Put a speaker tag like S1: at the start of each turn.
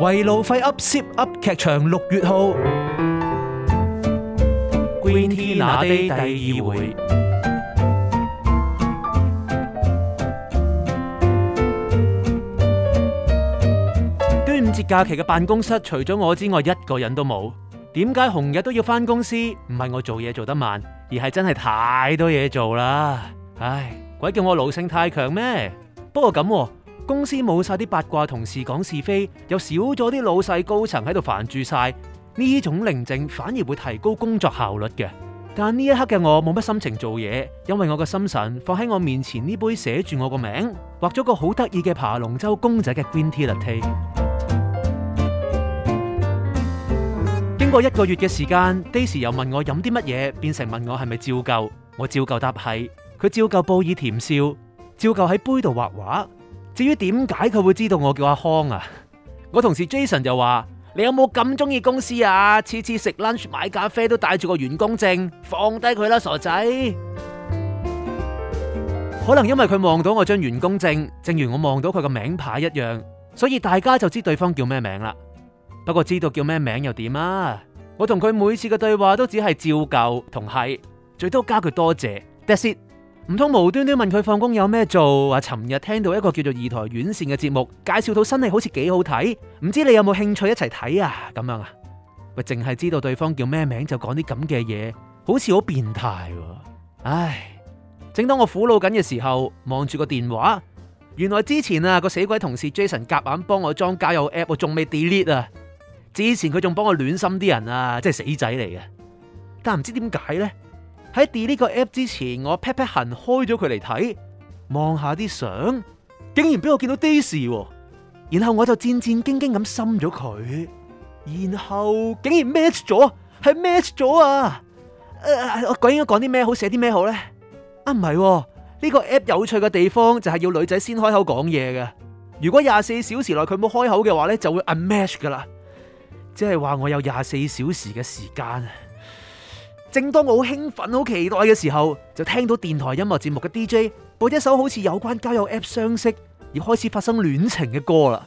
S1: 為路費 up 攝 up 劇場六月號，Green Tea 那 Day 第二回。端午節假期嘅辦公室除咗我之外一個人都冇，點解紅日都要返公司？唔係我做嘢做得慢，而係真係太多嘢做啦。唉，鬼叫我老性太強咩？不過咁、啊。公司冇晒啲八卦、同事講是非，又少咗啲老細高層喺度煩住晒。呢種寧靜，反而會提高工作效率嘅。但呢一刻嘅我冇乜心情做嘢，因為我嘅心神放喺我面前呢杯寫住我個名，畫咗個好得意嘅爬龍舟公仔嘅 Green Tea。T、 經過一個月嘅時間 ，Daisy 又問我飲啲乜嘢，變成問我係咪照舊。我照舊答係，佢照舊報以甜笑，照舊喺杯度畫畫。至於點解佢會知道我叫阿康啊？我同事 Jason 就話：你有冇咁中意公司啊？次次食 lunch 買咖啡都帶住個員工證，放低佢啦，傻仔！可能因為佢望到我張員工證，正如我望到佢個名牌一樣，所以大家就知對方叫咩名啦。不過知道叫咩名又點啊？我同佢每次嘅對話都只係照舊同係，最多加佢多謝。That's it。唔通無端端問佢放工有咩做？話尋日聽到一個叫做二台遠線嘅節目，介紹到新戲好似幾好睇，唔知你有冇興趣一齊睇啊？咁樣啊，咪淨係知道對方叫咩名就講啲咁嘅嘢，好似好變態，啊。唉，正當我苦惱緊嘅時候，望住個電話，原來之前啊，個死鬼同事 Jason 夾硬幫我裝交友 app，我仲未 delete 啊！之前佢仲幫我暖心啲人啊，即係死仔嚟嘅，但唔知點解呢。喺 delete 呢個 app 之前，我 pat pat 痕開咗佢嚟睇，望下啲相，竟然俾我見到 Daisy，哦、然後我就戰戰兢兢咁深咗佢，然後竟然 match 咗，係 match 咗啊！誒、呃，我究竟應該講啲咩好，寫啲咩好咧？啊，唔係、哦、呢、這個 app 有趣嘅地方就係要女仔先開口講嘢嘅，如果廿四小時內佢冇開口嘅話咧，就會 unmatch 噶啦，即係話我有廿四小時嘅時間。正當我好興奮、好期待嘅時候，就聽到電台音樂節目嘅 DJ 播一首好似有關交友 App 相識，而開始發生戀情嘅歌啦。